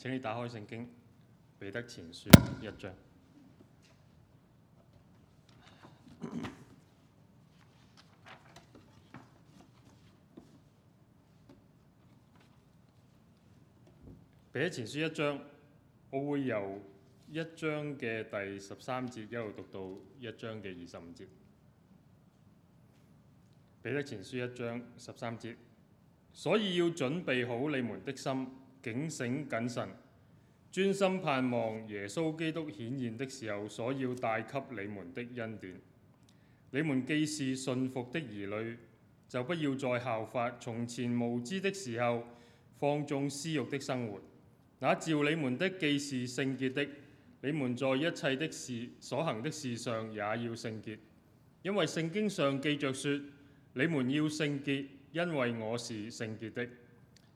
請你打開聖經，彼得前書一章。彼得前書一章，我會由一章嘅第十三節一路讀到一章嘅二十五節。彼得前書一章十三節，所以要準備好你們的心。警醒謹慎，專心盼望耶穌基督顯現的時候所要帶給你們的恩典。你們既是信服的兒女，就不要再效法從前無知的時候放縱私欲的生活。那照你們的既是聖潔的，你們在一切的事所行的事上也要聖潔，因為聖經上記着說：你們要聖潔，因為我是聖潔的。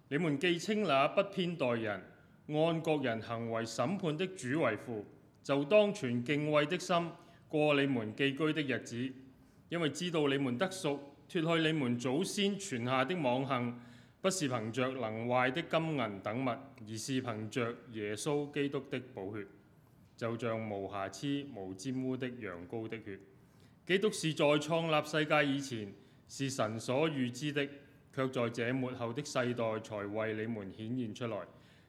你們既稱那不偏待人、按各人行為審判的主為父，就當存敬畏的心過你們寄居的日子，因為知道你們得贖，脱去你們祖先傳下的妄行，不是憑着能壞的金銀等物，而是憑着耶穌基督的寶血，就像無瑕疵、無沾污的羊羔的血。基督是在創立世界以前是神所預知的。卻在這末後的世代才為你們顯現出來。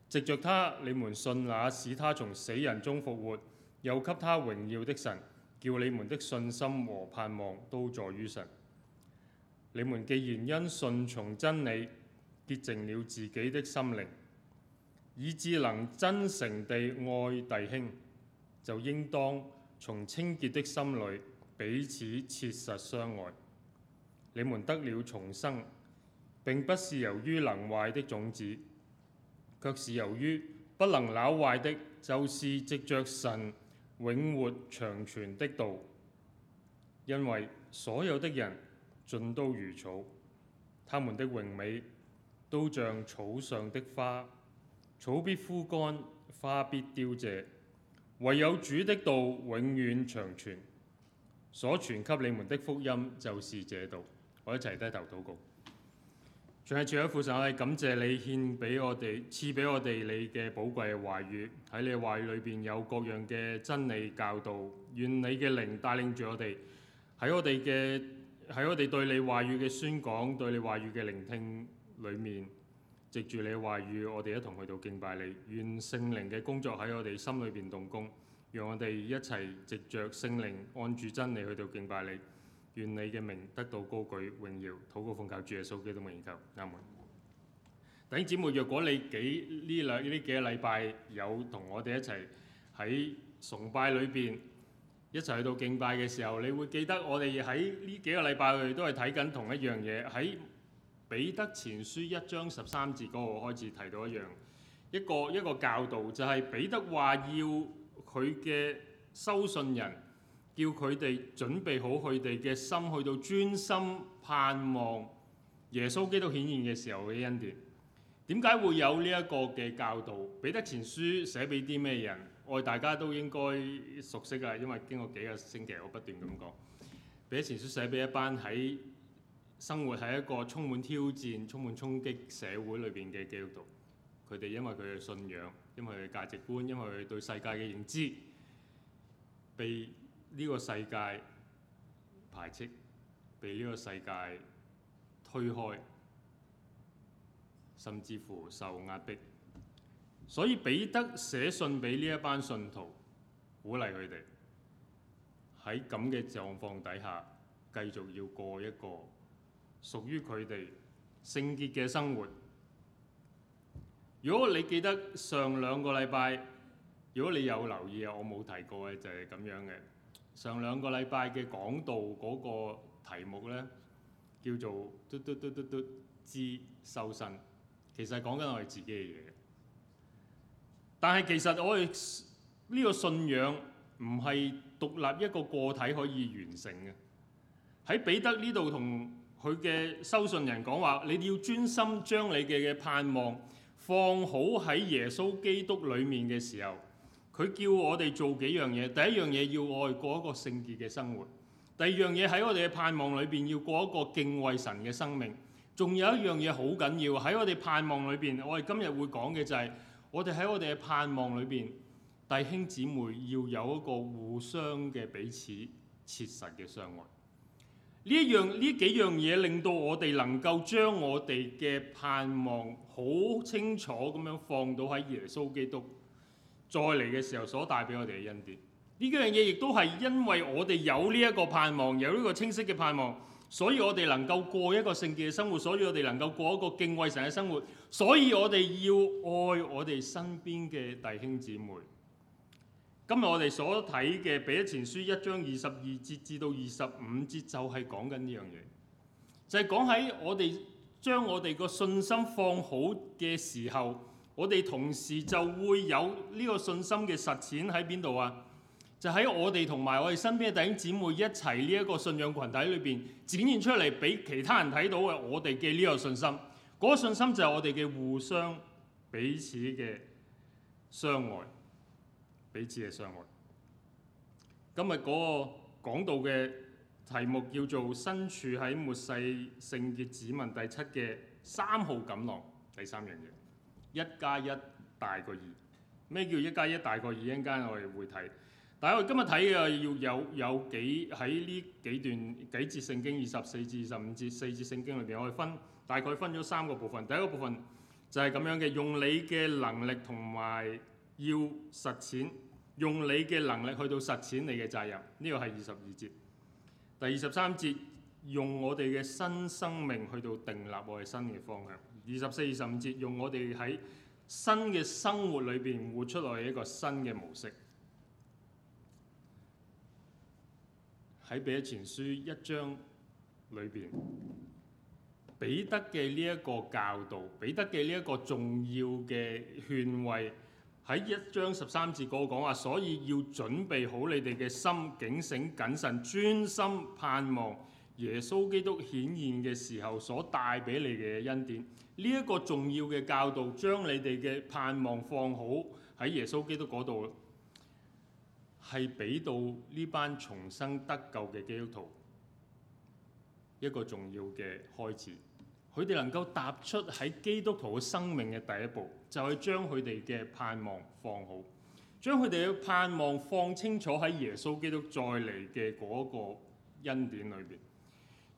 藉著他，你們信那使他從死人中復活、又給他榮耀的神，叫你們的信心和盼望都在於神。你們既然因信從真理潔淨了自己的心靈，以致能真誠地愛弟兄，就應當從清潔的心裏彼此切實相愛。你們得了重生。並不是由於能壞的種子，卻是由於不能朽壞的，就是藉着神永活長存的道。因為所有的人盡都如草，他們的榮美都像草上的花，草必枯乾，花必凋謝，唯有主的道永遠長存。所傳給你們的福音就是這道。我一齊低頭禱告。仲係主啊，父神啊，感謝你獻俾我哋，賜俾我哋你嘅寶貴話語。喺你話語裏邊有各樣嘅真理教導。願你嘅靈帶領住我哋，喺我哋嘅喺我哋對你話語嘅宣講，對你話語嘅聆聽裏面，藉住你話語，我哋一同去到敬拜你。願聖靈嘅工作喺我哋心裏邊動工，讓我哋一齊藉着聖靈按住真理去到敬拜你。願你嘅名得到高舉榮耀，禱告奉靠主耶穌基督嘅名求，阿門。弟兄姊妹，若果你幾呢兩呢幾個禮拜有同我哋一齊喺崇拜裏邊一齊去到敬拜嘅時候，你會記得我哋喺呢幾個禮拜去都係睇緊同一樣嘢，喺彼得前書一章十三節嗰度開始提到一樣一個一個教導，就係彼得話要佢嘅收信人。叫佢哋準備好佢哋嘅心，去到專心盼望耶穌基督顯現嘅時候嘅恩典。點解會有呢一個嘅教導？彼得前書寫俾啲咩人？我哋大家都應該熟悉啊，因為經過幾個星期，我不斷咁講。彼得前書寫俾一班喺生活喺一個充滿挑戰、充滿衝擊社會裏邊嘅基督徒。佢哋因為佢嘅信仰，因為佢嘅價值觀，因為佢對世界嘅認知，被呢個世界排斥，被呢個世界推開，甚至乎受壓迫，所以彼得寫信俾呢一班信徒，鼓勵佢哋喺咁嘅狀況底下，繼續要過一個屬於佢哋聖潔嘅生活。如果你記得上兩個禮拜，如果你有留意啊，我冇提過嘅就係、是、咁樣嘅。上兩個禮拜嘅講道嗰個題目呢，叫做《嘟嘟嘟嘟嘟知修身》，其實講緊我哋自己嘅嘢。但係其實我哋呢、這個信仰唔係獨立一個個體可以完成嘅。喺彼得呢度同佢嘅收信人講話，你要專心將你嘅嘅盼望放好喺耶穌基督裡面嘅時候。佢叫我哋做幾樣嘢，第一樣嘢要我哋過一個聖潔嘅生活；第二樣嘢喺我哋嘅盼望裏邊，要過一個敬畏神嘅生命。仲有一樣嘢好緊要喺我哋盼望裏邊，我哋今日會講嘅就係我哋喺我哋嘅盼望裏邊弟兄姊妹要有一個互相嘅彼此切實嘅相愛，呢一樣呢幾樣嘢令到我哋能夠將我哋嘅盼望好清楚咁樣放到喺耶穌基督。再嚟嘅時候所帶俾我哋嘅恩典，呢樣嘢亦都係因為我哋有呢一個盼望，有呢個清晰嘅盼望，所以我哋能夠過一個聖潔嘅生活，所以我哋能夠過一個敬畏神嘅生活，所以我哋要愛我哋身邊嘅弟兄姊妹。今日我哋所睇嘅《彼得前書》一章二十二節至到二十五節就係講緊呢樣嘢，就係講喺我哋將我哋個信心放好嘅時候。我哋同時就會有呢個信心嘅實踐喺邊度啊？就喺我哋同埋我哋身邊嘅弟兄姊妹一齊呢一個信仰群體裏邊展現出嚟，俾其他人睇到嘅我哋嘅呢個信心。嗰、那個信心就係我哋嘅互相彼此嘅相愛，彼此嘅相愛。今日嗰個講到嘅題目叫做《身處喺末世聖潔子民》第七嘅三號錦囊，第三樣嘢。一加一大過二，咩叫一加一大過二？一陣間我哋會睇。但係我今日睇嘅要有有幾喺呢幾段幾節聖經，二十二至二十五節四節聖經裏邊，我哋分大概分咗三個部分。第一個部分就係咁樣嘅，用你嘅能力同埋要實踐，用你嘅能力去到實踐你嘅責任。呢個係二十二節。第二十三節用我哋嘅新生命去到定立我哋新嘅方向。二十四、二十五節用我哋喺新嘅生活裏邊活出來一個新嘅模式，喺《彼得前書》一章裏邊，彼得嘅呢一個教導，彼得嘅呢一個重要嘅勸慰，喺一章十三節嗰，講話，所以要準備好你哋嘅心，警醒、謹慎、專心、盼望，耶穌基督顯現嘅時候所帶俾你嘅恩典，呢一個重要嘅教導，將你哋嘅盼望放好喺耶穌基督嗰度，係俾到呢班重生得救嘅基督徒一個重要嘅開始。佢哋能夠踏出喺基督徒嘅生命嘅第一步，就係將佢哋嘅盼望放好，將佢哋嘅盼望放清楚喺耶穌基督再嚟嘅嗰個恩典裏邊。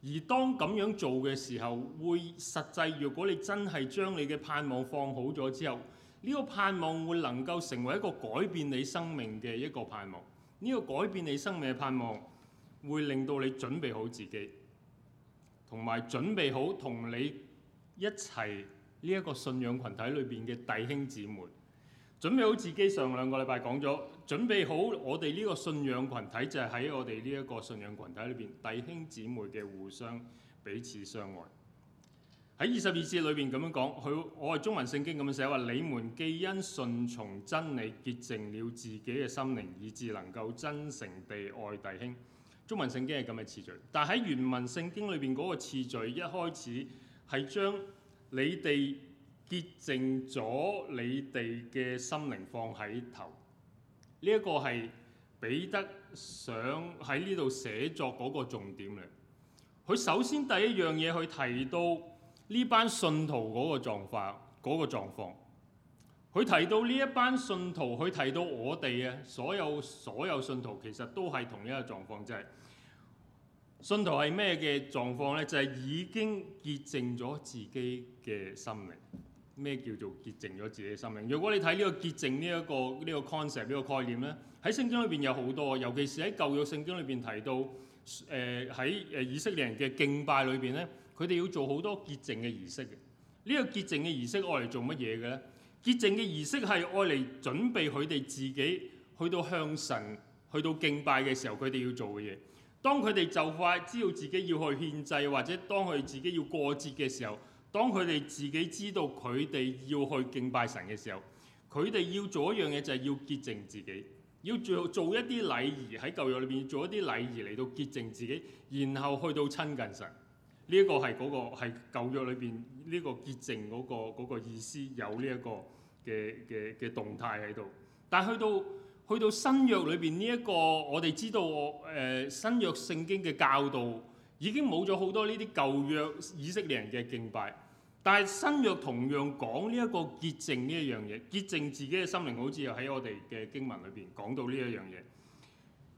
而當咁樣做嘅時候，會實際若果你真係將你嘅盼望放好咗之後，呢個盼望會能夠成為一個改變你生命嘅一個盼望。呢個改變你生命嘅盼望，會令到你準備好自己，同埋準備好同你一齊呢一個信仰群體裏面嘅弟兄姊妹，準備好自己。上兩個禮拜講咗。準備好，我哋呢個信仰群體就係喺我哋呢一個信仰群體裏邊，弟兄姊妹嘅互相彼此相愛。喺二十二節裏邊咁樣講，佢我係中文聖經咁樣寫話：你們既因順從真理潔淨了自己嘅心靈，以致能夠真誠地愛弟兄。中文聖經係咁嘅次序，但喺原文聖經裏邊嗰個次序，一開始係將你哋潔淨咗，你哋嘅心靈放喺頭。呢一個係彼得想喺呢度寫作嗰個重點嚟。佢首先第一樣嘢，去提到呢班信徒嗰個狀況，嗰個狀況。佢提到呢一班信徒，佢提到我哋啊，所有所有信徒其實都係同一個狀況，即係信徒係咩嘅狀況呢？就係、是、已經潔淨咗自己嘅心靈。咩叫做潔淨咗自己嘅生命？如果你睇呢個潔淨呢一個呢個 concept 呢個概念咧，喺聖經裏邊有好多，尤其是喺舊約聖經裏邊提到，誒喺誒以色列人嘅敬拜裏邊咧，佢哋要做好多潔淨嘅儀式嘅。呢個潔淨嘅儀式攞嚟做乜嘢嘅咧？潔淨嘅儀式係攞嚟準備佢哋自己去到向神去到敬拜嘅時候，佢哋要做嘅嘢。當佢哋就快知道自己要去獻祭，或者當佢自己要過節嘅時候，當佢哋自己知道佢哋要去敬拜神嘅時候，佢哋要做一樣嘢，就係要潔淨自己，要做做一啲禮儀，喺舊約裏邊做一啲禮儀嚟到潔淨自己，然後去到親近神。呢一個係嗰個係舊約裏邊呢個潔淨嗰個嗰個意思，有呢一個嘅嘅嘅動態喺度。但係去到去到新約裏邊呢一個，我哋知道誒新約聖經嘅教導已經冇咗好多呢啲舊約以色列人嘅敬拜。但係新約同樣講呢一個潔淨呢一樣嘢，潔淨自己嘅心靈，好似又喺我哋嘅經文裏邊講到呢一樣嘢。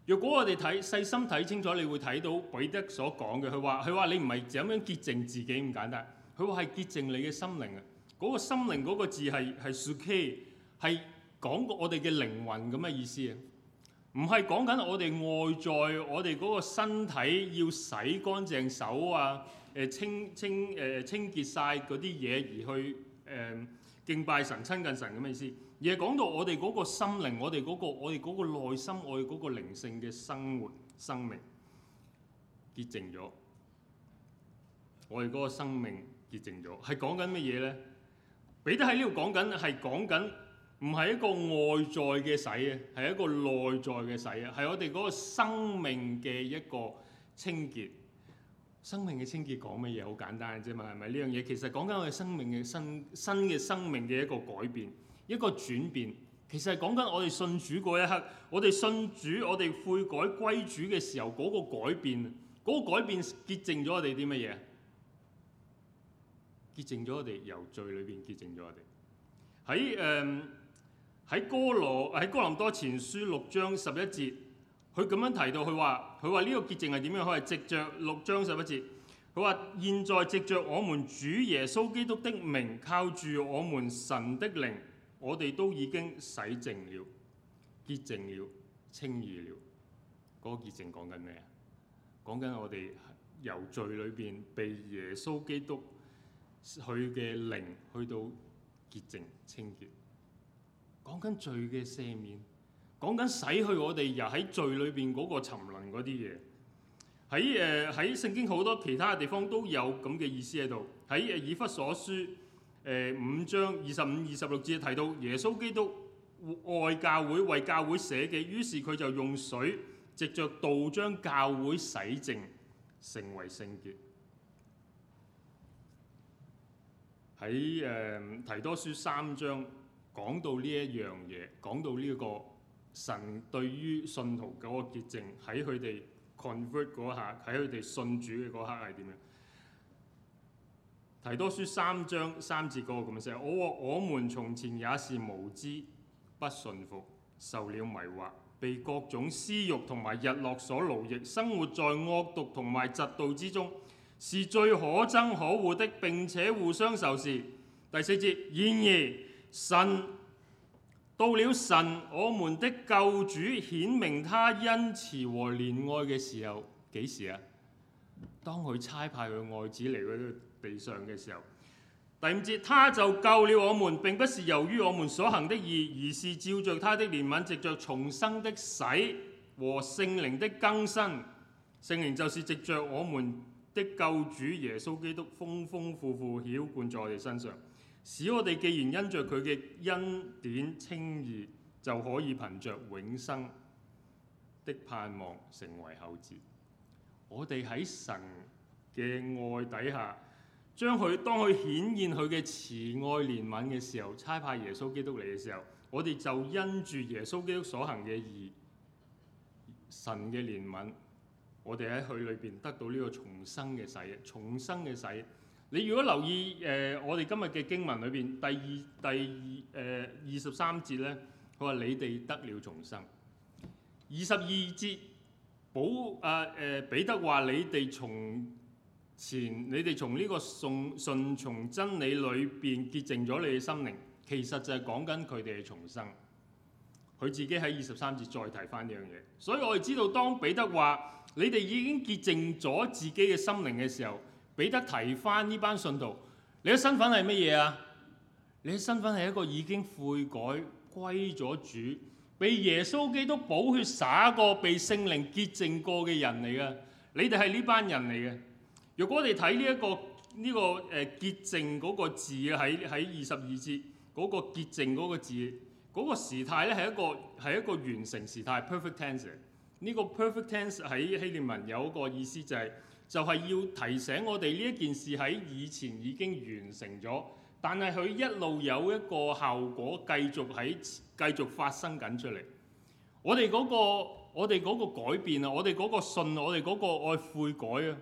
若果我哋睇細心睇清楚，你會睇到彼得所講嘅，佢話佢話你唔係咁樣潔淨自己咁簡單，佢話係潔淨你嘅心靈啊。嗰個心靈嗰個字係係 sukkay，係講我哋嘅靈魂咁嘅意思啊，唔係講緊我哋外在我哋嗰個身體要洗乾淨手啊。誒清清誒清潔曬嗰啲嘢而去誒敬拜神親近神咁嘅意思，而係講到我哋嗰個心靈，我哋嗰個我哋嗰個內心，我哋嗰個靈性嘅生活生命潔淨咗，我哋嗰個生命潔淨咗，係講緊乜嘢咧？彼得喺呢度講緊係講緊，唔係一個外在嘅洗啊，係一個內在嘅洗啊，係我哋嗰個生命嘅一個清潔。生命嘅清潔講乜嘢？好簡單啫嘛，係咪呢樣嘢？其實講緊我哋生命嘅新新嘅生命嘅一個改變，一個轉變。其實係講緊我哋信主嗰一刻，我哋信主，我哋悔改歸主嘅時候嗰個改變，嗰個改變潔淨咗我哋啲乜嘢？潔淨咗我哋由罪裏邊潔淨咗我哋。喺誒喺哥羅喺哥林多前書六章十一節，佢咁樣提到佢話。佢話呢個潔淨係點樣？佢係藉着六章十一節，佢話現在藉着，我們主耶穌基督的名，靠住我們神的靈，我哋都已經洗淨了、潔淨了、稱義了。嗰、那個潔淨講緊咩啊？講緊我哋由罪裏邊被耶穌基督佢嘅靈去到潔淨、清潔，講緊罪嘅赦免。講緊洗去我哋又喺罪裏邊嗰個沉淪嗰啲嘢，喺誒喺聖經好多其他嘅地方都有咁嘅意思喺度。喺以弗所書誒五章二十五二十六節提到耶穌基督愛教會，為教會捨己，於是佢就用水藉着道將教會洗淨，成為聖潔。喺誒提多書三章講到呢一樣嘢，講到呢個。神對於信徒嗰個潔淨，喺佢哋 convert 嗰下，喺佢哋信主嘅嗰刻係點樣？提多書三章三節過咁寫，我我們從前也是無知、不信服、受了迷惑，被各種私欲同埋日落所勞役，生活在惡毒同埋嫉妒之中，是最可憎可惡的，並且互相仇視。第四節，然而神。到了神我們的救主顯明他恩慈和憐愛嘅時候，幾時啊？當佢差派佢愛子嚟到地上嘅時候。第五節，他就救了我們，並不是由於我們所行的義，而是照着他的憐憫，藉着重生的洗和聖靈的更新。聖靈就是藉着我們的救主耶穌基督豐豐富富曉灌在我哋身上。使我哋既然因着佢嘅恩典稱義，就可以憑着永生的盼望成為後嗣。我哋喺神嘅愛底下，將佢當佢顯現佢嘅慈愛憐憫嘅時候，差派耶穌基督嚟嘅時候，我哋就因住耶穌基督所行嘅義、神嘅憐憫，我哋喺佢裏邊得到呢個重生嘅洗。重生嘅洗。你如果留意誒、呃，我哋今日嘅經文裏邊第二第二誒二十三節咧，佢、呃、話你哋得了重生。二十二節保啊誒、呃呃、彼得話你哋從前你哋從呢個信信從真理裏邊潔淨咗你嘅心靈，其實就係講緊佢哋嘅重生。佢自己喺二十三節再提翻呢樣嘢，所以我哋知道當彼得話你哋已經潔淨咗自己嘅心靈嘅時候。彼得提返呢班信徒，你嘅身份係乜嘢啊？你嘅身份係一個已經悔改歸咗主、被耶穌基督寶血灑過、被聖靈潔淨過嘅人嚟噶。你哋係呢班人嚟嘅。若果我哋睇呢一個呢、這個誒潔淨嗰個字啊，喺喺二十二節嗰個潔淨嗰個字，嗰、那個個，那個時態咧係一個係一個完成時態 （perfect tense）。呢、這個 perfect tense 喺希利文有一個意思就係、是。就係要提醒我哋呢一件事喺以前已經完成咗，但係佢一路有一個效果繼續喺繼續發生緊出嚟。我哋嗰個我哋嗰個改變啊，我哋嗰個信，我哋嗰個愛悔改啊，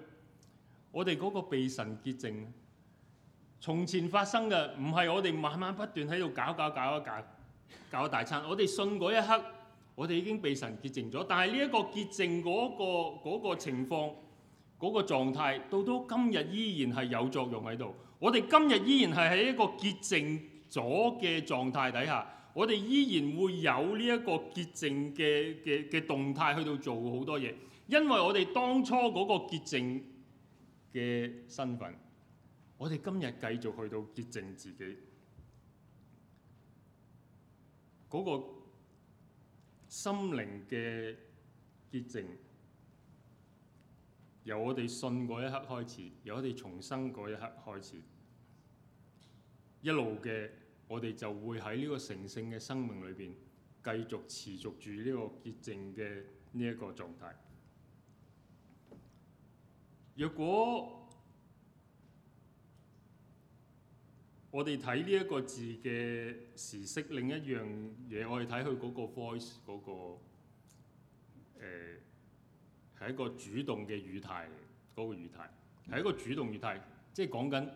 我哋嗰個被神潔淨。從前發生嘅唔係我哋慢慢不斷喺度搞搞搞一搞搞大餐。我哋信嗰一刻，我哋已經被神潔淨咗，但係呢一個潔淨嗰個嗰個情況，嗰個狀態到到今日依然係有作用喺度，我哋今日依然係喺一個潔淨咗嘅狀態底下，我哋依然會有呢一個潔淨嘅嘅嘅動態去到做好多嘢，因為我哋當初嗰個潔淨嘅身份，我哋今日繼續去到潔淨自己嗰個心靈嘅潔淨。由我哋信嗰一刻開始，由我哋重生嗰一刻開始，一路嘅我哋就會喺呢個成聖嘅生命裏邊，繼續持續住呢個潔淨嘅呢一個狀態。若果我哋睇呢一個字嘅時式，另一樣嘢我哋睇佢嗰個 voice 嗰、嗰個、欸係一個主動嘅語態嚟，嗰、那個語態係一個主動語態，即係講緊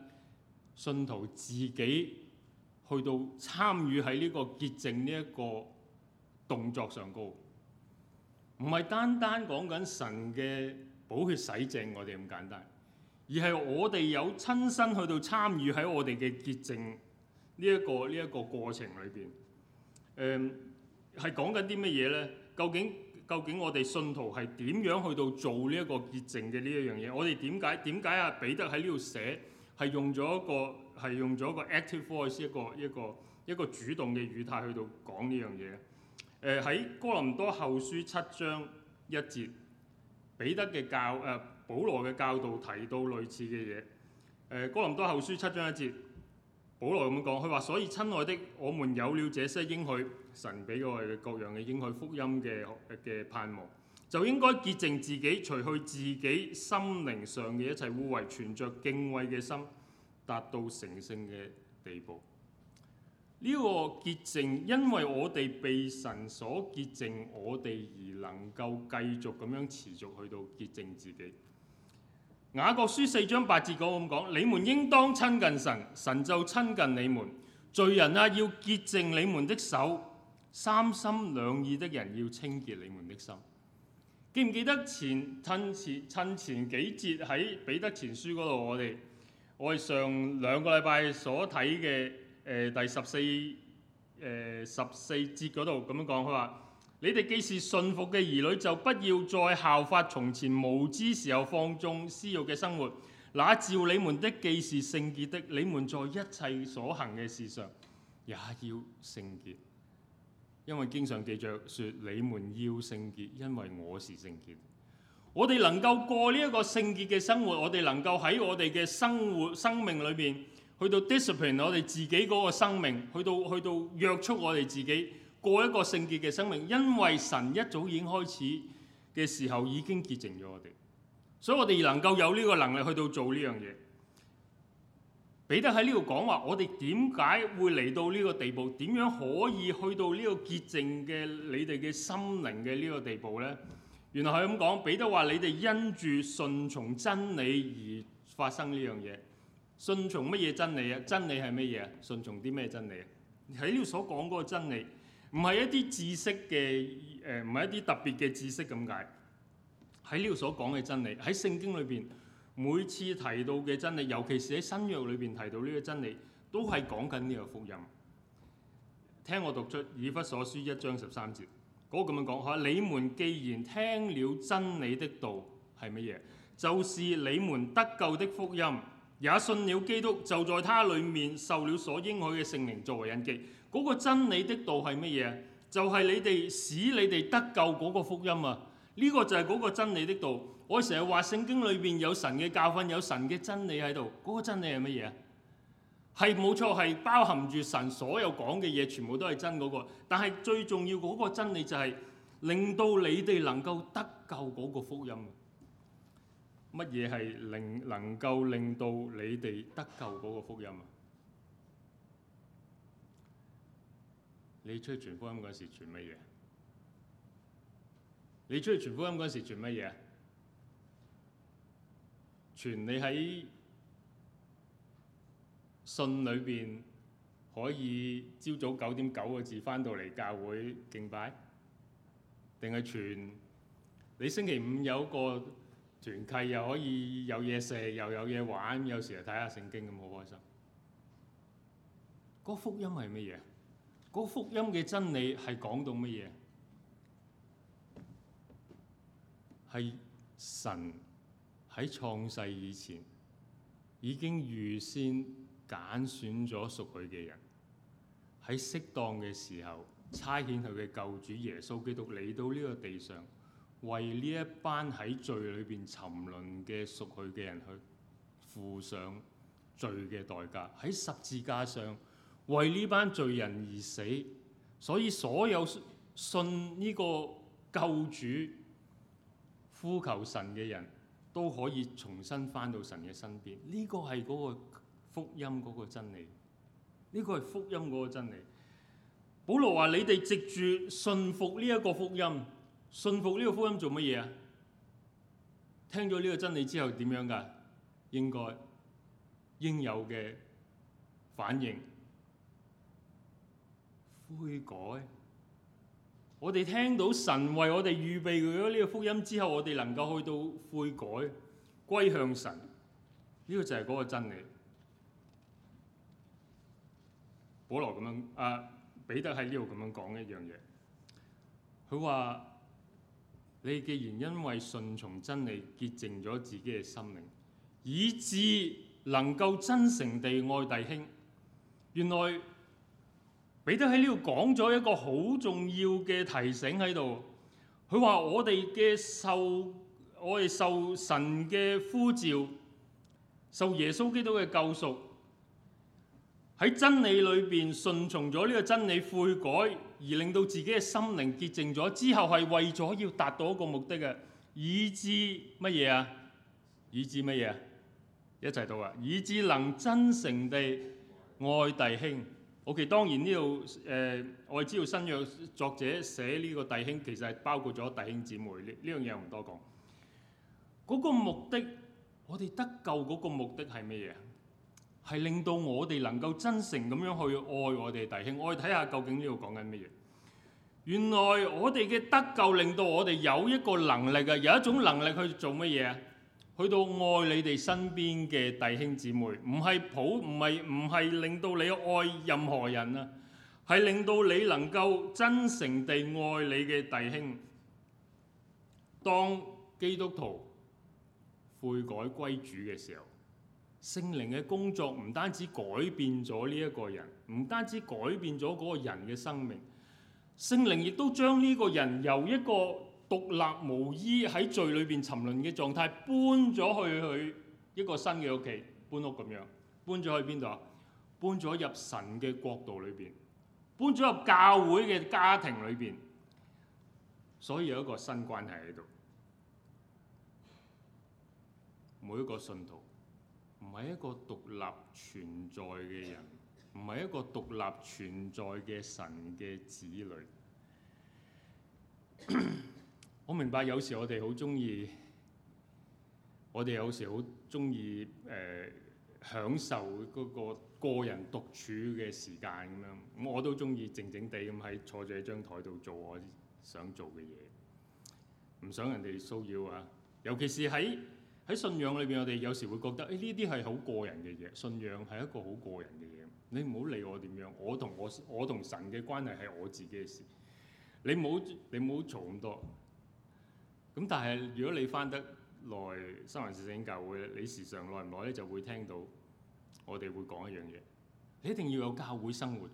信徒自己去到參與喺呢個潔淨呢一個動作上高，唔係單單講緊神嘅寶血洗淨我哋咁簡單，而係我哋有親身去到參與喺我哋嘅潔淨呢、這、一個呢一、這個過程裏邊，誒係講緊啲乜嘢咧？究竟？究竟我哋信徒係點樣去到做呢一個潔淨嘅呢一樣嘢？我哋點解，點解啊？彼得喺呢度寫，係用咗一個係用咗一個 active voice 一個一個一個主動嘅語態去到講呢樣嘢。喺、呃、哥林多後書七章一節，彼得嘅教誒、呃、保羅嘅教導提到類似嘅嘢。誒、呃、哥林多後書七章一節，保羅咁講，佢話：所以親愛的，我們有了這些應許。神俾我哋各樣嘅應許、福音嘅嘅盼望，就應該潔淨自己，除去自己心靈上嘅一切污穢，存着敬畏嘅心，達到成聖嘅地步。呢、這個潔淨，因為我哋被神所潔淨，我哋而能夠繼續咁樣持續去到潔淨自己。雅各書四章八節講咁講：你們應當親近神，神就親近你們。罪人啊，要潔淨你們的手。三心兩意的，人要清潔你們的心，記唔記得前趁前趁前幾節喺彼得前書嗰度？我哋我哋上兩個禮拜所睇嘅誒第十四誒、呃、十四節嗰度咁樣講，佢話：你哋既是信服嘅兒女，就不要再效法從前無知時候放縱私欲嘅生活。那召你們的既是聖潔的，你們在一切所行嘅事上也要聖潔。因為經常記着說你們要聖潔，因為我是聖潔。我哋能夠過呢一個聖潔嘅生活，我哋能夠喺我哋嘅生活生命裏面去到 discipline 我哋自己嗰個生命，去到去到約束我哋自己過一個聖潔嘅生命，因為神一早已經開始嘅時候已經潔淨咗我哋，所以我哋能夠有呢個能力去到做呢樣嘢。彼得喺呢度講話，我哋點解會嚟到呢個地步？點樣可以去到呢個潔淨嘅你哋嘅心靈嘅呢個地步呢？原來係咁講，彼得話你哋因住順從真理而發生呢樣嘢。順從乜嘢真理啊？真理係乜嘢啊？順從啲咩真理啊？喺呢度所講嗰個真理，唔係一啲知識嘅誒，唔係一啲特別嘅知識咁解。喺呢度所講嘅真理，喺聖經裏邊。每次提到嘅真理，尤其是喺新約裏邊提到呢個真理，都係講緊呢個福音。聽我讀出以弗所書一章十三節，嗰個咁樣講：，哈！你們既然聽了真理的道，係乜嘢？就是你們得救的福音，也信了基督，就在他裏面受了所應許嘅聖靈作為印記。嗰個真理的道係乜嘢？就係你哋使你哋得救嗰個福音啊！呢個就係嗰個真理的道。我成日話聖經裏邊有神嘅教訓，有神嘅真理喺度。嗰個真理係乜嘢？係冇錯，係包含住神所有講嘅嘢，全部都係真嗰個。但係最重要嗰個真理就係令到你哋能夠得救嗰個福音。乜嘢係令能夠令到你哋得救嗰個福音啊？你出去傳福音嗰時傳乜嘢？你出去傳福音嗰時傳乜嘢？全你喺信裏面可以朝早九點九個字翻到嚟教會敬拜，定係全你星期五有個團契，又可以有嘢食，又有嘢玩，有時又睇下聖經，咁好開心。個福音係乜嘢？個福音嘅真理係講到乜嘢？係神。喺創世以前已經預先揀選咗屬佢嘅人，喺適當嘅時候差遣佢嘅救主耶穌基督嚟到呢個地上，為呢一班喺罪裏邊沉淪嘅屬佢嘅人去付上罪嘅代價，喺十字架上為呢班罪人而死。所以所有信呢個救主呼求神嘅人，都可以重新返到神嘅身邊，呢個係嗰個福音嗰個真理，呢個係福音嗰個真理。保羅話：你哋藉住信服呢一個福音，信服呢個福音做乜嘢啊？聽咗呢個真理之後點樣㗎？應該應有嘅反應，悔改。我哋聽到神為我哋預備佢咗呢個福音之後，我哋能夠去到悔改、歸向神，呢、這個就係嗰個真理。保羅咁樣，阿、啊、彼得喺呢度咁樣講一樣嘢，佢話：你既然因為順從真理潔淨咗自己嘅心靈，以致能夠真誠地愛弟兄，原來。你都喺呢度講咗一個好重要嘅提醒喺度。佢話：我哋嘅受，我哋受神嘅呼召，受耶穌基督嘅救贖，喺真理裏邊順從咗呢個真理，悔改而令到自己嘅心靈潔淨咗之後，係為咗要達到一個目的嘅，以致乜嘢啊？以致乜嘢啊？一齊讀啊！以致能真誠地愛弟兄。OK，當然呢度誒，我哋知道新約作者寫呢個弟兄其實係包括咗弟兄姊妹呢，呢樣嘢，我唔多講。嗰個目的，我哋得救嗰個目的係乜嘢？係令到我哋能夠真誠咁樣去愛我哋弟兄。我哋睇下究竟呢度講緊乜嘢？原來我哋嘅得救令到我哋有一個能力㗎，有一種能力去做乜嘢？去到愛你哋身邊嘅弟兄姊妹，唔係普，唔係唔係令到你愛任何人啊，係令到你能夠真誠地愛你嘅弟兄。當基督徒悔改歸主嘅時候，聖靈嘅工作唔單止改變咗呢一個人，唔單止改變咗嗰個人嘅生命，聖靈亦都將呢個人由一個獨立無依喺罪裏邊沉淪嘅狀態，搬咗去去一個新嘅屋企，搬屋咁樣，搬咗去邊度啊？搬咗入神嘅國度裏邊，搬咗入教會嘅家庭裏邊，所以有一個新關係喺度。每一個信徒唔係一個獨立存在嘅人，唔係一個獨立存在嘅神嘅子女。 我明白有時我哋好中意，我哋有時好中意誒享受嗰個個人獨處嘅時間咁樣。我都中意靜靜地咁喺坐住喺張枱度做我想做嘅嘢，唔想人哋騷擾啊。尤其是喺喺信仰裏邊，我哋有時會覺得誒呢啲係好個人嘅嘢，信仰係一個好個人嘅嘢。你唔好理我點樣，我同我我同神嘅關係係我自己嘅事。你唔好你唔好嘈咁多。咁但係，如果你翻得耐新環聖經教會，你時常耐唔耐咧，就會聽到我哋會講一樣嘢：你一定要有教會生活嘅。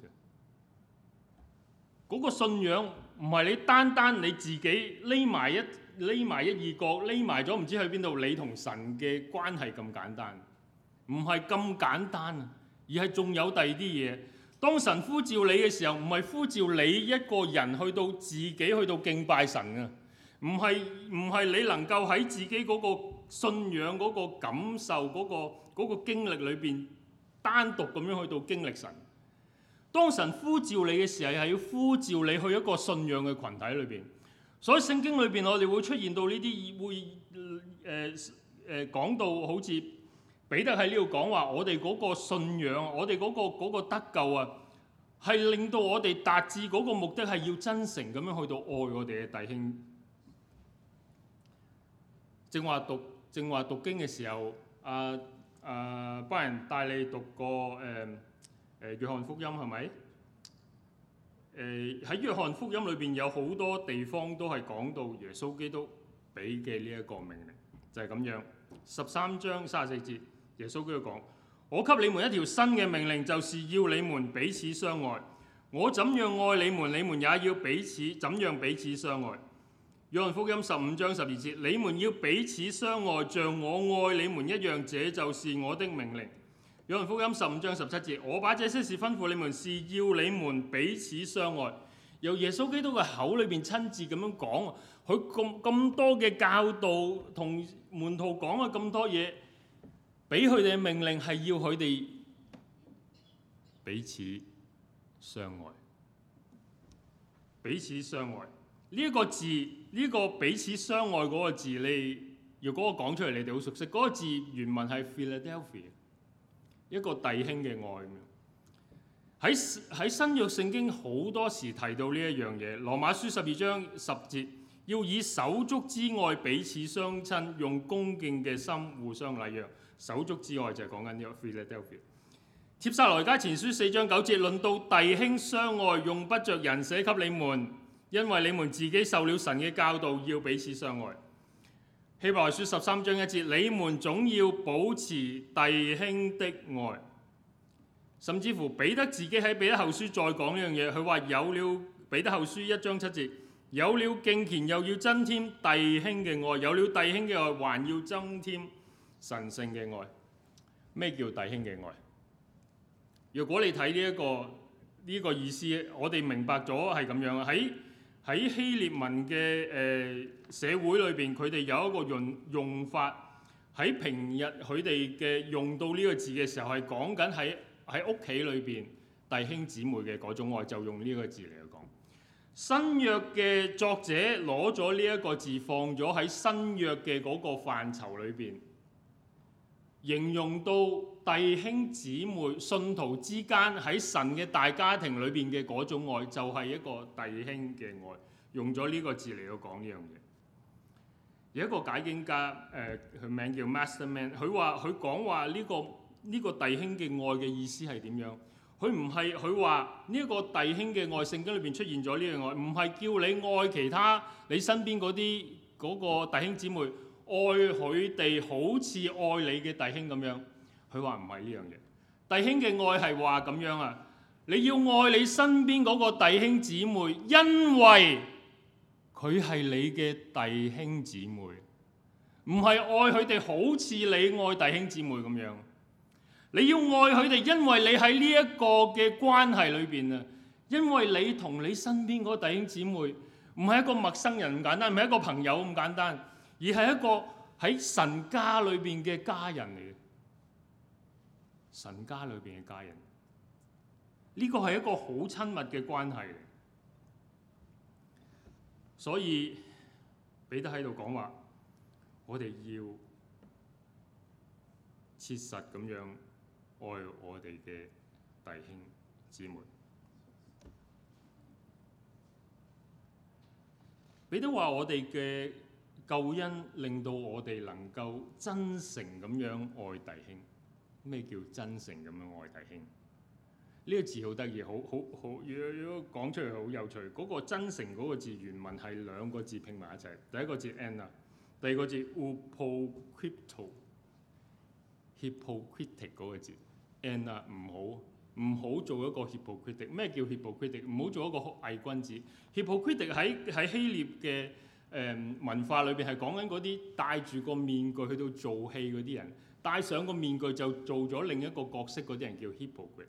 嗰、嗰個信仰唔係你單單你自己匿埋一匿埋一二角匿埋咗唔知去邊度，你同神嘅關係咁簡單，唔係咁簡單啊！而係仲有第二啲嘢。當神呼召你嘅時候，唔係呼召你一個人去到自己去到敬拜神啊！唔係唔係，你能夠喺自己嗰個信仰，嗰個感受，嗰個嗰個經歷裏邊單獨咁樣去到經歷神。當神呼召你嘅時候，係要呼召你去一個信仰嘅群體裏邊。所以聖經裏邊我哋會出現到呢啲會誒誒、呃呃、講到好似彼得喺呢度講話，我哋嗰個信仰，我哋嗰個嗰個得救啊，係令到我哋達至嗰個目的係要真誠咁樣去到愛我哋嘅弟兄。正話讀正話讀經嘅時候，啊啊幫人帶你讀過誒誒約翰福音係咪？誒喺約翰福音裏邊有好多地方都係講到耶穌基督俾嘅呢一個命令，就係咁樣。十三章三十四節，耶穌基督講：我給你們一條新嘅命令，就是要你們彼此相愛。我怎樣愛你們，你們也要彼此怎樣彼此相愛。約翰福音十五章十二節，你們要彼此相愛，像我愛你們一樣，這就是我的命令。約翰福音十五章十七節，我把這些事吩咐你們，是要你們彼此相愛。由耶穌基督嘅口裏邊親自咁樣講，佢咁咁多嘅教導同門徒講咗咁多嘢，俾佢哋嘅命令係要佢哋彼此相愛，彼此相愛呢一，呢個字。呢個彼此相愛嗰個字，你如果我講出嚟，你哋好熟悉。嗰個字原文係 Philadelphia，一個弟兄嘅愛。喺喺新約聖經好多時提到呢一樣嘢，《羅馬書》十二章十節，要以手足之愛彼此相親，用恭敬嘅心互相禮讓。手足之愛就係講緊呢個 Philadelphia。《帖撒羅尼迦前書》四章九節，論到弟兄相愛，用不着人寫給你們。因為你們自己受了神嘅教導，要彼此相愛。希伯來書十三章一節，你們總要保持弟兄的愛。甚至乎彼得自己喺彼得後書再講一樣嘢，佢話有了彼得後書一章七節，有了敬虔又要增添弟兄嘅愛，有了弟兄嘅愛還要增添神聖嘅愛。咩叫弟兄嘅愛？如果你睇呢一個呢、呢個意思，我哋明白咗係咁樣喺。喺希臘文嘅誒、呃、社會裏邊，佢哋有一個用用法。喺平日佢哋嘅用到呢個字嘅時候，係講緊喺喺屋企裏邊弟兄姊妹嘅嗰種愛，我就用呢個字嚟講。新約嘅作者攞咗呢一個字放在的那個範疇裏面，放咗喺新約嘅嗰個範疇裏邊。形容到弟兄姊妹信徒之間喺神嘅大家庭裏邊嘅嗰種愛，就係一個弟兄嘅愛，用咗呢個字嚟到講呢樣嘢。有一個解經家，誒、呃、佢名叫 Masterman，佢話佢講話呢、呢個呢、呢個弟兄嘅愛嘅意思係點樣，佢唔係，佢話呢個弟兄嘅愛，聖經裏邊出現咗呢樣愛，唔係叫你愛其他你身邊嗰啲嗰個弟兄姊妹。愛佢哋好似愛你嘅弟兄咁樣，佢話唔係呢樣嘢。弟兄嘅愛係話咁樣啊，你要愛你身邊嗰個弟、弟兄姊妹，因為佢係你嘅弟兄姊妹，唔係愛佢哋好似你愛弟兄姊妹咁樣。你要愛佢哋，因為你喺呢一個嘅關係裏邊啊，因為你同你身邊嗰個弟兄姊妹唔係一個陌生人咁簡單，唔係一個朋友咁簡單。而係一個喺神家裏邊嘅家人嚟嘅，神家裏邊嘅家人，呢個係一個好親密嘅關係。所以彼得喺度講話，我哋要切實咁樣愛我哋嘅弟兄姊妹。彼得話：我哋嘅救恩令到我哋能夠真誠咁樣愛弟兄。咩叫真誠咁樣愛弟兄？呢、這個字好得意，好好好，要要講出嚟好有趣。嗰、那個真誠嗰個字原文係兩個字拼埋一齊，第一個字 Anna，第二個字 hypocritical，hypocritical 嗰個字。Anna，唔好唔好做一個 hypocritical。咩叫 hypocritical？唔好做一個偽君子。hypocritical 喺喺希臘嘅。誒、嗯、文化裏邊係講緊嗰啲戴住個面具去到做戲嗰啲人，戴上個面具就做咗另一個角色嗰啲人叫 hippo 嘅。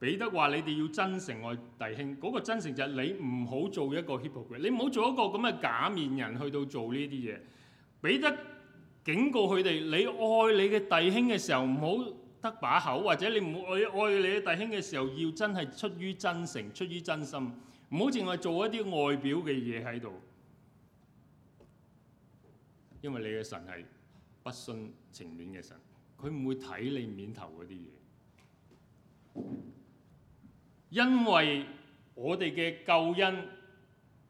彼得話：你哋要真誠愛弟兄，嗰、嗰個真誠就係你唔好做一個 hippo 嘅，你唔好做一個咁嘅假面人去到做呢啲嘢。彼得警告佢哋：你愛你嘅弟兄嘅時候唔好得把口，或者你唔好愛愛你嘅弟兄嘅時候要真係出於真誠、出於真心，唔好淨係做一啲外表嘅嘢喺度。因為你嘅神係不徇情面嘅神，佢唔會睇你面頭嗰啲嘢。因為我哋嘅救恩，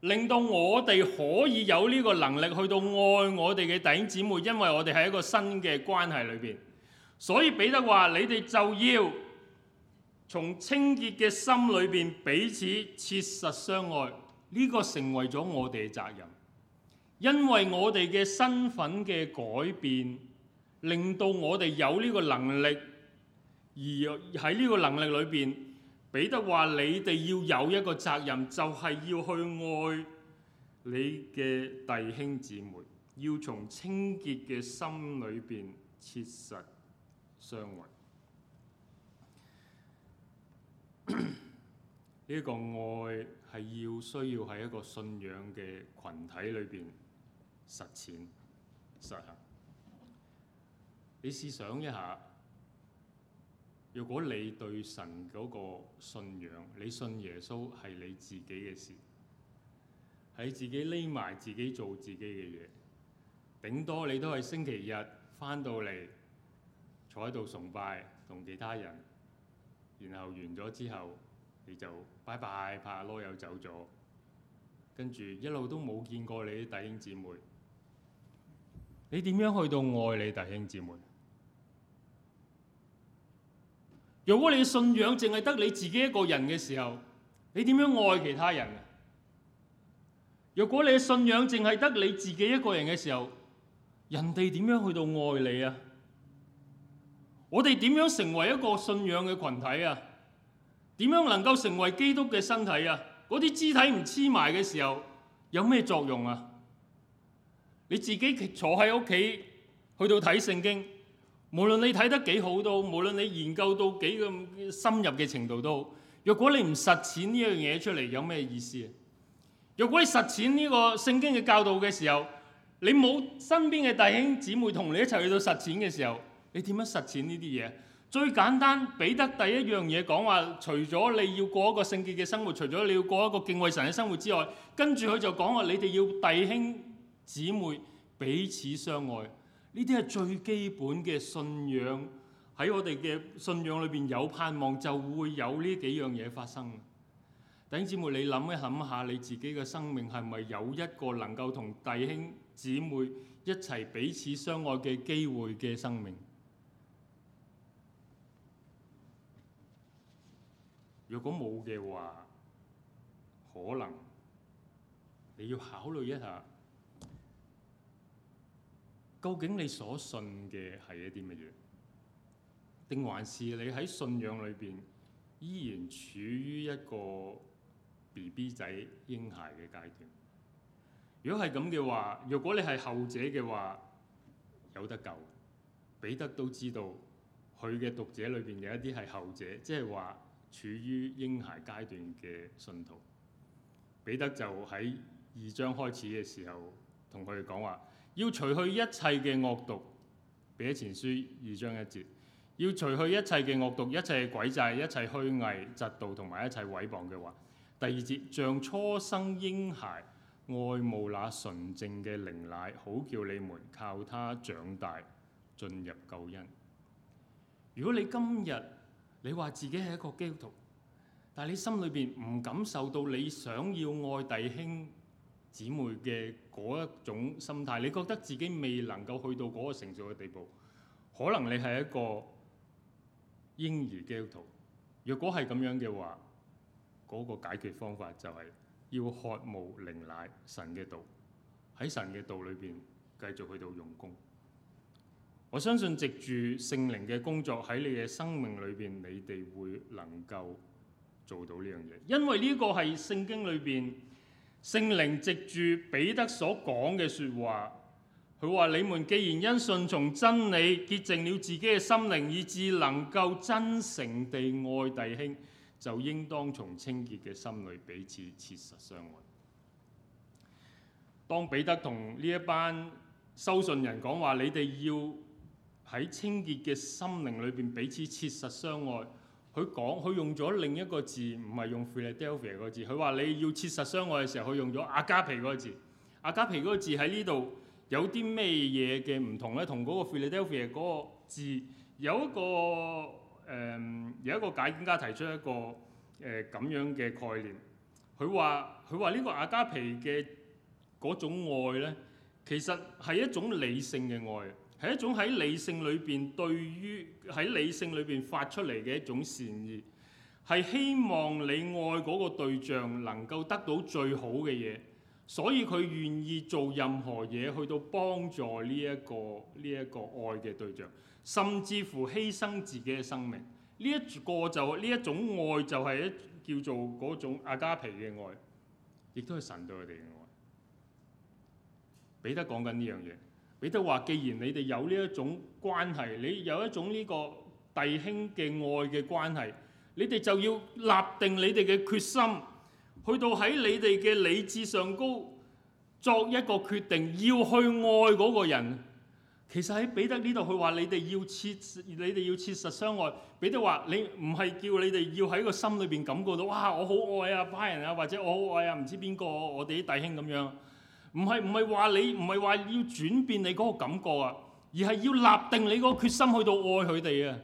令到我哋可以有呢個能力去到愛我哋嘅弟兄姊妹，因為我哋喺一個新嘅關係裏邊，所以彼得話：你哋就要從清潔嘅心裏邊彼此切實相愛，呢、這個成為咗我哋嘅責任。因為我哋嘅身份嘅改變，令到我哋有呢個能力，而喺呢個能力裏邊，彼得話你哋要有一個責任，就係要去愛你嘅弟兄姊妹，要從清潔嘅心裏邊切實相愛。呢個愛係要需要喺一個信仰嘅群體裏邊。實踐、實行。你試想一下，如果你對神嗰個信仰，你信耶穌係你自己嘅事，係自己匿埋自己做自己嘅嘢，頂多你都係星期日翻到嚟坐喺度崇拜同其他人，然後完咗之後你就拜拜，拍籮柚走咗，跟住一路都冇見過你啲弟兄姊妹。你點樣去到愛你弟兄姊妹？如果你嘅信仰淨係得你自己一個人嘅時候，你點樣愛其他人？如果你嘅信仰淨係得你自己一個人嘅時候，人哋點樣去到愛你啊？我哋點樣成為一個信仰嘅群體啊？點樣能夠成為基督嘅身體啊？嗰啲肢體唔黐埋嘅時候，有咩作用啊？你自己坐喺屋企去到睇聖經，無論你睇得幾好都好，無論你研究到幾咁深入嘅程度都好。若果你唔實踐呢樣嘢出嚟，有咩意思啊？若果你實踐呢個聖經嘅教導嘅時候，你冇身邊嘅弟兄姊妹同你一齊去到實踐嘅時候，你點樣實踐呢啲嘢？最簡單彼得第一樣嘢講話，除咗你要過一個聖潔嘅生活，除咗你要過一個敬畏神嘅生活之外，跟住佢就講話你哋要弟兄姊妹彼此相愛，呢啲係最基本嘅信仰，喺我哋嘅信仰裏邊有盼望，就會有呢幾樣嘢發生。弟兄姊妹，你諗一諗下，你自己嘅生命係咪有一個能夠同弟兄姊妹一齊彼此相愛嘅機會嘅生命？如果冇嘅話，可能你要考慮一下。究竟你所信嘅係一啲乜嘢？定還是你喺信仰裏邊依然處於一個 BB 仔嬰孩嘅階段？如果係咁嘅話，若果你係後者嘅話，有得救。彼得都知道佢嘅讀者裏邊有一啲係後者，即係話處於嬰孩階段嘅信徒。彼得就喺二章開始嘅時候同佢哋講話。要除去一切嘅惡毒，彼得前書二章一節。要除去一切嘅惡毒，一切詭詐，一切虛偽、嫉妒同埋一切毀謗嘅話。第二節，像初生嬰孩愛慕那純淨嘅靈奶，好叫你們靠他長大，進入救恩。如果你今日你話自己係一個基督徒，但係你心裏邊唔感受到你想要愛弟兄姊妹嘅嗰一種心態，你覺得自己未能夠去到嗰個成熟嘅地步，可能你係一個嬰兒基督徒。若果係咁樣嘅話，嗰個解決方法就係要渴慕靈奶，神嘅道，喺神嘅道裏邊繼續去到用功。我相信藉住聖靈嘅工作喺你嘅生命裏邊，你哋會能夠做到呢樣嘢，因為呢個係聖經裏邊。聖靈藉住彼得所講嘅説話，佢話：你們既然因順從真理潔淨了自己嘅心靈，以致能夠真誠地愛弟兄，就應當從清潔嘅心裏彼此切實相愛。當彼得同呢一班收信人講話，你哋要喺清潔嘅心靈裏邊彼此切實相愛。佢講，佢用咗另一個字，唔係用 Philadelphia 個字。佢話你要切實相愛嘅時候，佢用咗阿加皮嗰個字。阿加皮嗰個字喺呢度有啲咩嘢嘅唔同咧？同嗰個 Philadelphia 嗰個字有一個誒、嗯，有一個解經家提出一個誒咁、呃、樣嘅概念。佢話佢話呢個阿加皮嘅嗰種愛咧，其實係一種理性嘅愛。係一種喺理性裏邊對於喺理性裏邊發出嚟嘅一種善意，係希望你愛嗰個對象能夠得到最好嘅嘢，所以佢願意做任何嘢去到幫助呢一個呢一個愛嘅對象，甚至乎犧牲自己嘅生命。呢一個就呢一種愛就係叫做嗰種阿加皮嘅愛，亦都係神對佢哋嘅愛。彼得講緊呢樣嘢。彼得話：「既然你哋有呢一種關係，你有一種呢個弟兄嘅愛嘅關係，你哋就要立定你哋嘅決心，去到喺你哋嘅理智上高作一個決定，要去愛嗰個人。其實喺彼得呢度，佢話你哋要切，你哋要切實相愛。彼得話：「你唔係叫你哋要喺個心裏邊感覺到，哇，我好愛啊，他人啊，或者我好愛啊，唔知邊個，我哋啲弟兄咁樣。唔係，唔係話你唔係話要轉變你嗰個感覺啊，而係要立定你嗰個決心去到愛佢哋啊！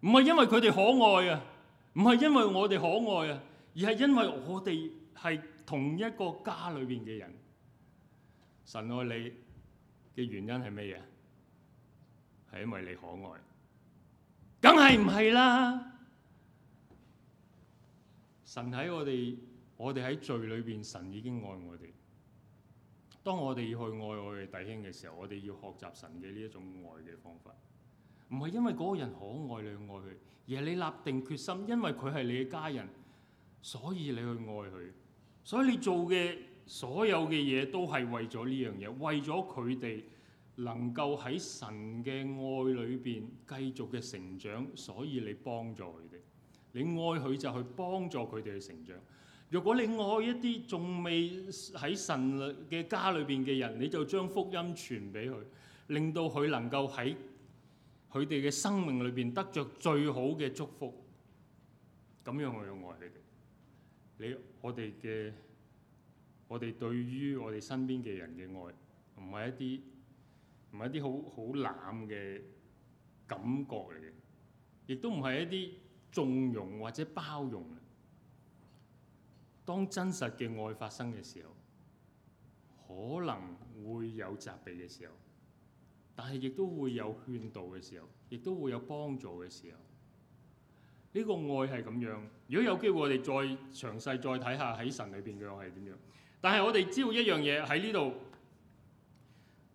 唔係因為佢哋可愛啊，唔係因為我哋可愛啊，而係因為我哋係同一個家裏邊嘅人。神愛你嘅原因係咩嘢？係因為你可愛。梗係唔係啦？神喺我哋，我哋喺罪裏邊，神已經愛我哋。當我哋要去愛我哋弟兄嘅時候，我哋要學習神嘅呢一種愛嘅方法，唔係因為嗰個人可愛，你去愛佢，而係你立定決心，因為佢係你嘅家人，所以你去愛佢，所以你做嘅所有嘅嘢都係為咗呢樣嘢，為咗佢哋能夠喺神嘅愛裏邊繼續嘅成長，所以你幫助佢哋，你愛佢就去幫助佢哋去成長。如果你愛一啲仲未喺神嘅家裏邊嘅人，你就將福音傳俾佢，令到佢能夠喺佢哋嘅生命裏邊得着最好嘅祝福。咁樣去愛你哋，你我哋嘅我哋對於我哋身邊嘅人嘅愛，唔係一啲唔係一啲好好濫嘅感覺嚟嘅，亦都唔係一啲縱容或者包容。當真實嘅愛發生嘅時候，可能會有責備嘅時候，但係亦都會有勸導嘅時候，亦都會有幫助嘅時候。呢個愛係咁樣。如果有機會，我哋再詳細再睇下喺神裏邊嘅愛係點樣。但係我哋知道一樣嘢喺呢度，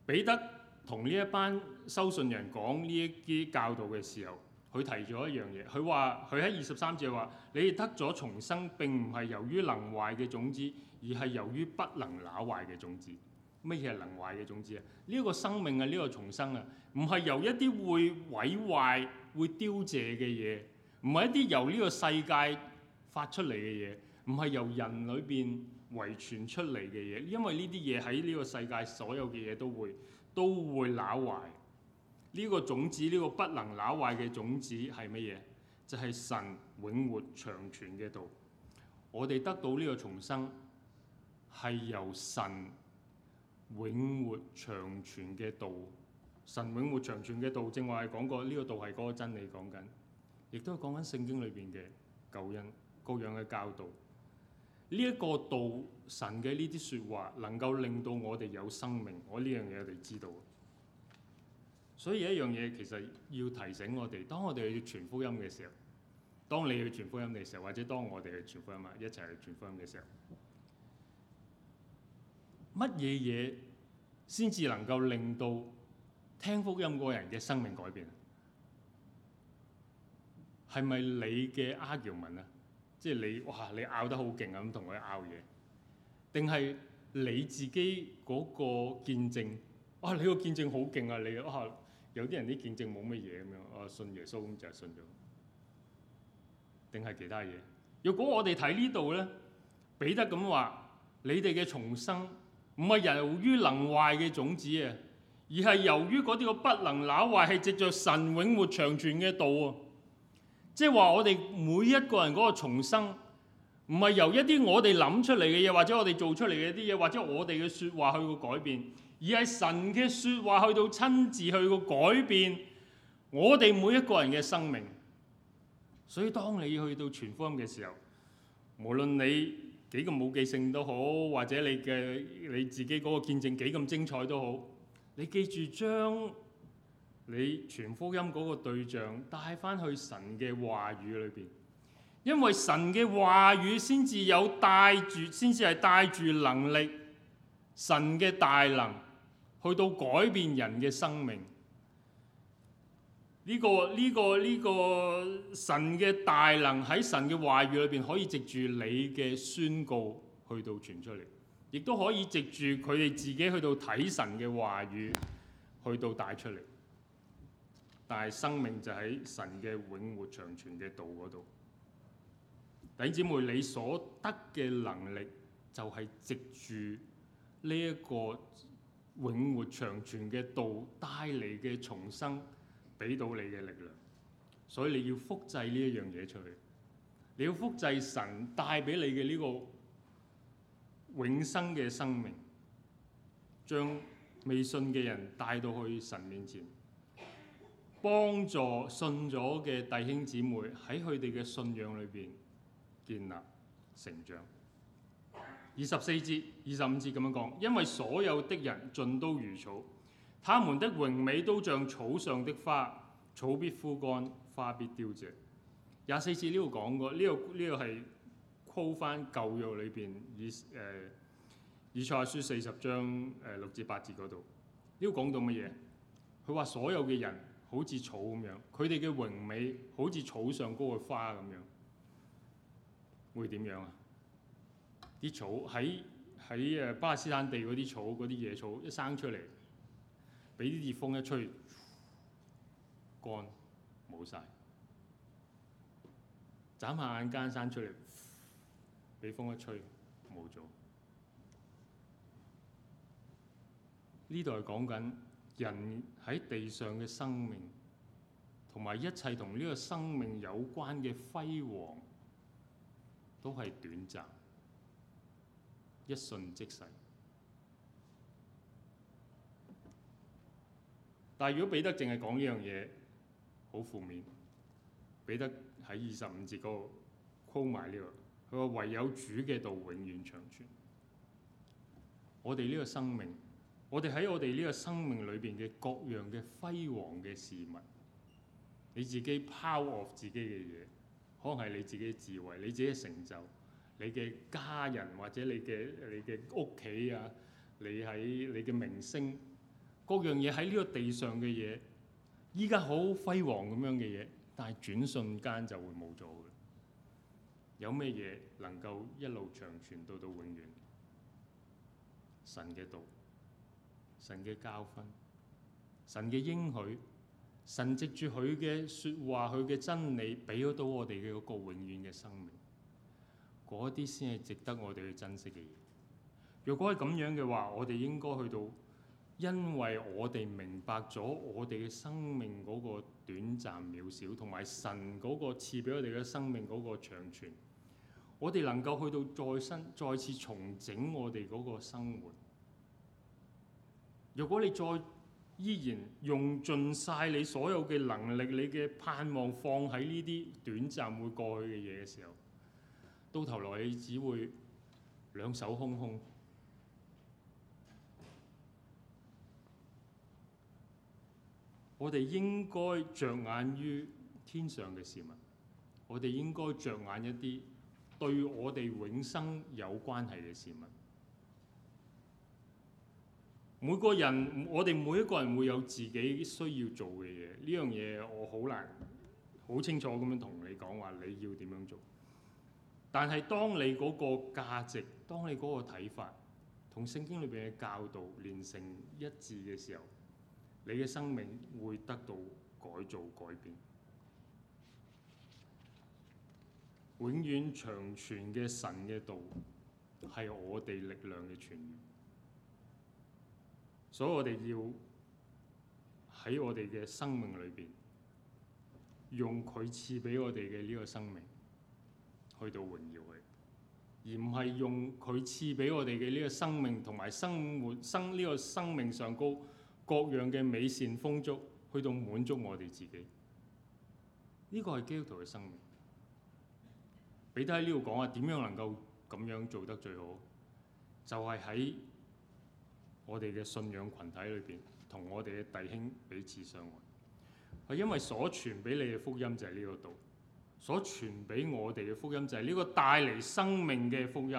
彼得同呢一班收信人講呢一啲教導嘅時候。佢提咗一樣嘢，佢話佢喺二十三節話：你哋得咗重生，並唔係由於能壞嘅種子，而係由於不能朽壞嘅種子。乜嘢係能壞嘅種子啊？呢個生命啊，呢個重生啊，唔係由一啲會毀壞、會凋謝嘅嘢，唔係一啲由呢個世界發出嚟嘅嘢，唔係由人裏邊遺傳出嚟嘅嘢，因為呢啲嘢喺呢個世界所有嘅嘢都會都會朽壞。呢個種子，呢、這個不能朽壞嘅種子係乜嘢？就係、是、神永活長存嘅道。我哋得到呢個重生，係由神永活長存嘅道。神永活長存嘅道，正話係講過呢、這個道係嗰個真理講緊，亦都係講緊聖經裏邊嘅救恩、各樣嘅教導。呢、這、一個道神嘅呢啲説話，能夠令到我哋有生命。我呢樣嘢我哋知道。所以一樣嘢其實要提醒我哋，當我哋去傳福音嘅時候，當你去傳福音嘅時候，或者當我哋去傳福音啊，一齊去傳福音嘅時候，乜嘢嘢先至能夠令到聽福音個人嘅生命改變？係咪你嘅 argument 啊？即係你哇，你拗得好勁啊，咁同佢拗嘢，定係你自己嗰個見證？哇，你個見證好勁啊，你嚇！你有啲人啲見證冇乜嘢咁樣，我信耶穌咁就係信咗，定係其他嘢？若果我哋睇呢度咧，彼得咁話，你哋嘅重生唔係由於能壞嘅種子啊，而係由於嗰啲個不能朽壞係藉着神永活長存嘅道啊！即係話我哋每一個人嗰個重生，唔係由一啲我哋諗出嚟嘅嘢，或者我哋做出嚟嘅啲嘢，或者我哋嘅説話去個改變。而係神嘅説話去到親自去個改變我哋每一個人嘅生命，所以當你去到傳福音嘅時候，無論你幾咁冇記性都好，或者你嘅你自己嗰個見證幾咁精彩都好，你記住將你傳福音嗰個對象帶翻去神嘅話語裏邊，因為神嘅話語先至有帶住，先至係帶住能力，神嘅大能。去到改變人嘅生命，呢個呢個呢個神嘅大能喺神嘅話語裏邊，可以藉住你嘅宣告去到傳出嚟，亦都可以藉住佢哋自己去到睇神嘅話語去到帶出嚟。但係生命就喺神嘅永活長存嘅道嗰度，弟兄姊妹，你所得嘅能力就係藉住呢一個。永活長存嘅道帶嚟嘅重生，俾到你嘅力量，所以你要複製呢一樣嘢出去，你要複製神帶俾你嘅呢個永生嘅生命，將未信嘅人帶到去神面前，幫助信咗嘅弟兄姊妹喺佢哋嘅信仰裏邊建立成長。二十四節、二十五節咁樣講，因為所有的人盡都如草，他們的榮美都像草上的花，草必枯乾，花必凋謝。廿四節呢度講過，呢個呢個係 call 翻舊約裏邊以誒、呃、以賽書四十章誒、呃、六至八節嗰度，呢度講到乜嘢？佢話所有嘅人好似草咁樣，佢哋嘅榮美好似草上高嘅花咁樣，會點樣啊？啲草喺喺誒巴基斯坦地嗰啲草，嗰啲野草一生出嚟，俾啲熱風一吹，乾冇晒；眨下眼間生出嚟，俾風一吹冇咗。呢度係講緊人喺地上嘅生命，同埋一切同呢個生命有關嘅輝煌，都係短暫。一瞬即逝，但係如果彼得淨係講呢樣嘢，好負面。彼得喺二十五節嗰度 call 埋呢個，佢話唯有主嘅道永遠長存。我哋呢個生命，我哋喺我哋呢個生命裏邊嘅各樣嘅輝煌嘅事物，你自己拋惡自己嘅嘢，可能係你自己嘅智慧、你自己嘅成就。你嘅家人或者你嘅你嘅屋企啊，你喺你嘅名聲，各樣嘢喺呢個地上嘅嘢，依家好輝煌咁樣嘅嘢，但係轉瞬間就會冇咗嘅。有咩嘢能夠一路長存到到永遠？神嘅道，神嘅教訓，神嘅應許，神藉住佢嘅說話，佢嘅真理，俾咗到我哋嘅嗰個永遠嘅生命。嗰啲先係值得我哋去珍惜嘅嘢。如果係咁樣嘅話，我哋應該去到，因為我哋明白咗我哋嘅生命嗰個短暫渺小，同埋神嗰個賜俾我哋嘅生命嗰個長存，我哋能夠去到再生、再次重整我哋嗰個生活。如果你再依然用盡晒你所有嘅能力，你嘅盼望放喺呢啲短暫會過去嘅嘢嘅時候，到頭來，你只會兩手空空。我哋應該着眼於天上嘅事物，我哋應該着眼一啲對我哋永生有關係嘅事物。每個人，我哋每一個人會有自己需要做嘅嘢。呢樣嘢我好難好清楚咁樣同你講話，你要點樣做？但係，當你嗰個價值、當你嗰個睇法，同聖經裏邊嘅教導連成一致嘅時候，你嘅生命會得到改造改變。永遠長存嘅神嘅道係我哋力量嘅泉源，所以我哋要喺我哋嘅生命裏邊用佢賜俾我哋嘅呢個生命。去到榮耀佢，而唔係用佢賜俾我哋嘅呢個生命同埋生活生呢個生命上高各樣嘅美善豐足，去到滿足我哋自己。呢個係基督徒嘅生命。彼得喺呢度講啊，點樣能夠咁樣做得最好？就係喺我哋嘅信仰群體裏邊同我哋嘅弟兄彼此相愛，係因為所傳俾你嘅福音就係呢個道。所傳俾我哋嘅福音就係呢個帶嚟生命嘅福音；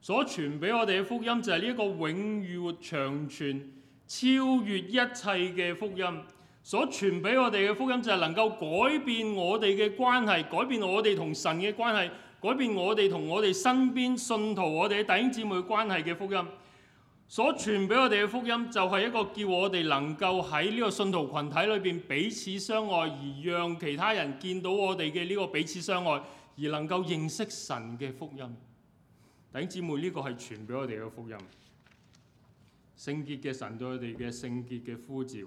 所傳俾我哋嘅福音就係呢一個永遠長存、超越一切嘅福音；所傳俾我哋嘅福音就係能夠改變我哋嘅關係，改變我哋同神嘅關係，改變我哋同我哋身邊信徒、我哋嘅弟兄姊妹關係嘅福音。所傳俾我哋嘅福音就係一個叫我哋能夠喺呢個信徒群體裏邊彼此相愛，而讓其他人見到我哋嘅呢個彼此相愛，而能夠認識神嘅福音。弟兄姊妹，呢個係傳俾我哋嘅福音。聖潔嘅神對我哋嘅聖潔嘅呼召，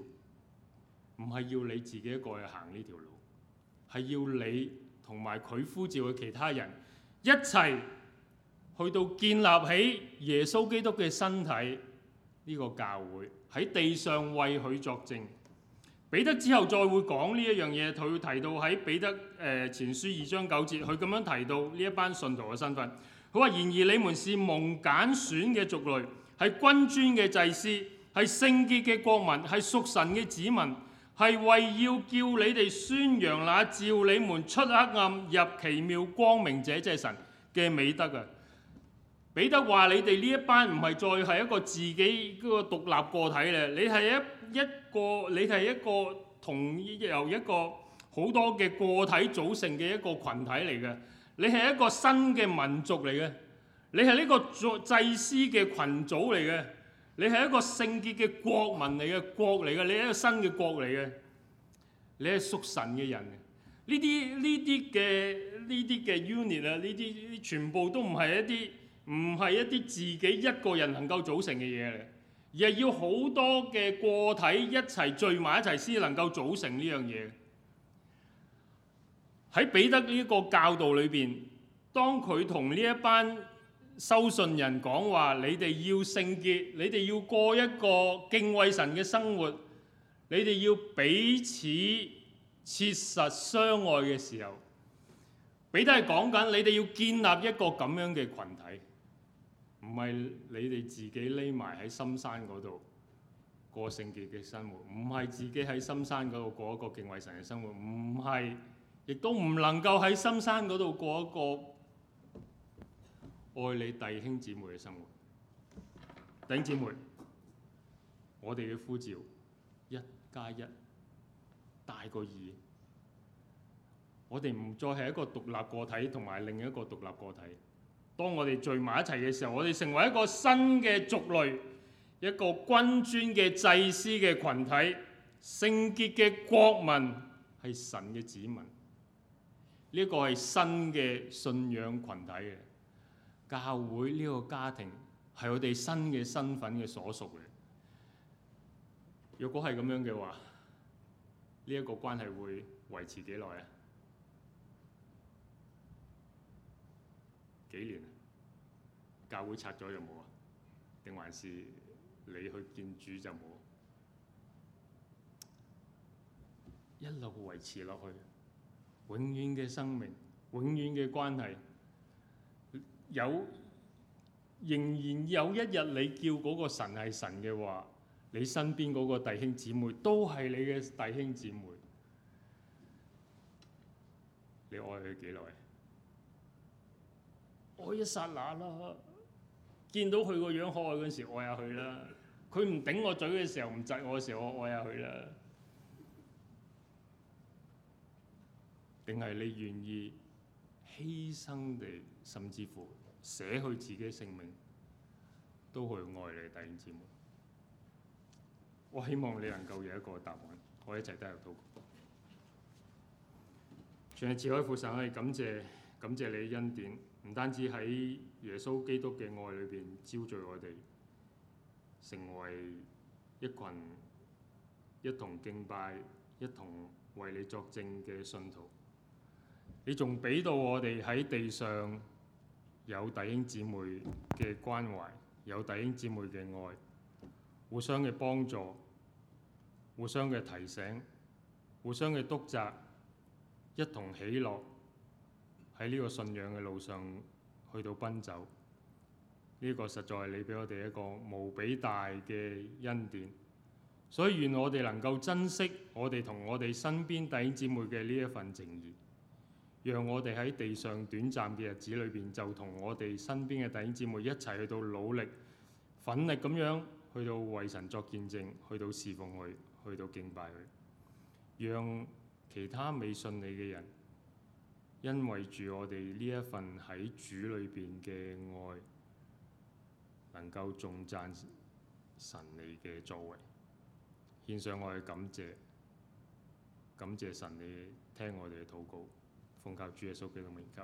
唔係要你自己一個去行呢條路，係要你同埋佢呼召嘅其他人一齊。去到建立起耶穌基督嘅身體呢，這個教會喺地上為佢作證。彼得之後再會講呢一樣嘢，佢提到喺彼得誒、呃、前書二章九節，佢咁樣提到呢一班信徒嘅身份。佢話：然而你們是蒙揀選嘅族類，係君尊嘅祭司，係聖潔嘅國民，係屬神嘅子民，係為要叫你哋宣揚那召你們出黑暗入奇妙光明者，即係神嘅美德啊！彼得話你哋呢一班唔係再係一個自己嗰個獨立個體咧，你係一一個，你係一個同一個由一個好多嘅個體組成嘅一個群體嚟嘅，你係一個新嘅民族嚟嘅，你係呢個祭司嘅群組嚟嘅，你係一個聖潔嘅國民嚟嘅國嚟嘅，你係一個新嘅國嚟嘅，你係屬神嘅人。呢啲呢啲嘅呢啲嘅 unit 啊，呢啲全部都唔係一啲。唔係一啲自己一個人能夠組成嘅嘢嚟，而係要好多嘅個體一齊聚埋一齊先能夠組成呢樣嘢。喺彼得呢個教導裏邊，當佢同呢一班收信人講話：你哋要聖潔，你哋要過一個敬畏神嘅生活，你哋要彼此切實相愛嘅時候，彼得係講緊你哋要建立一個咁樣嘅群體。唔係你哋自己匿埋喺深山嗰度過聖潔嘅生活，唔係自己喺深山嗰度過一個敬畏神嘅生活，唔係，亦都唔能夠喺深山嗰度過一個愛你弟兄姊妹嘅生活。頂姊妹，我哋嘅呼召，一加一，大過二，我哋唔再係一個獨立個體，同埋另一個獨立個體。當我哋聚埋一齊嘅時候，我哋成為一個新嘅族類，一個君尊嘅祭司嘅群體，聖潔嘅國民係神嘅子民。呢個係新嘅信仰群體嘅教會，呢個家庭係我哋新嘅身份嘅所屬嘅。若果係咁樣嘅話，呢一個關係會維持幾耐啊？幾年教會拆咗就冇啊？定還是你去見主就冇？一路維持落去，永遠嘅生命，永遠嘅關係，有仍然有一日你叫嗰個神係神嘅話，你身邊嗰個弟兄姊妹都係你嘅弟兄姊妹，你愛佢幾耐？我一剎那咯，見到佢個樣可愛嗰時，愛下佢啦；佢唔頂我嘴嘅時候，唔窒我嘅時候，我愛下佢啦。定係你願意犧牲地，甚至乎捨去自己嘅性命，都去愛你弟兄姊妹。我希望你能夠有一個答案。我一齊進入禱告。全體慈海父神，我哋感謝感謝你嘅恩典。唔單止喺耶穌基督嘅愛裏邊招聚我哋，成為一群一同敬拜、一同為你作證嘅信徒。你仲俾到我哋喺地上有弟兄姊妹嘅關懷，有弟兄姊妹嘅愛，互相嘅幫助，互相嘅提醒，互相嘅督責，一同喜樂。喺呢個信仰嘅路上去到奔走，呢、這個實在係你俾我哋一個無比大嘅恩典，所以願我哋能夠珍惜我哋同我哋身邊弟兄姊妹嘅呢一份情誼，讓我哋喺地上短暫嘅日子裏邊就同我哋身邊嘅弟兄姊妹一齊去到努力、奮力咁樣去到為神作見證，去到侍奉佢、去到敬拜佢，讓其他未信你嘅人。因為住我哋呢一份喺主裏邊嘅愛，能夠重讚神你嘅作為，獻上我嘅感謝，感謝神你聽我哋嘅禱告，奉靠主耶穌基督名給，